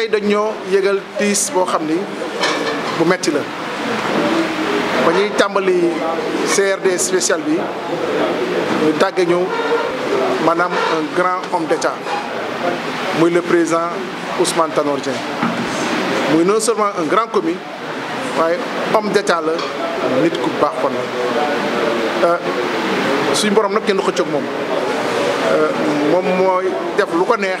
tey dañ ñoo yëgal tiis boo xam ni bu metti la ba ñuy tàmbali CRD spécial bi ñu tàgge ñu maanaam un grand homme d'État muy le président Ousmane Tanor muy non seulement un grand commis waaye homme d'État la nit ku baax kon la euh, suñu borom nag kenn du xëccoog moom euh, moom mooy def lu ko neex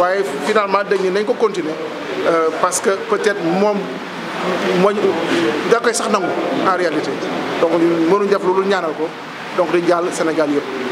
waaye finalement dañ ne nañ ko continuer euh, parce que peut-être moom mooy da koy sax nangu en réalité donc mënuñ def loolu ñaanal ko donc di jàll Sénégal yëpp.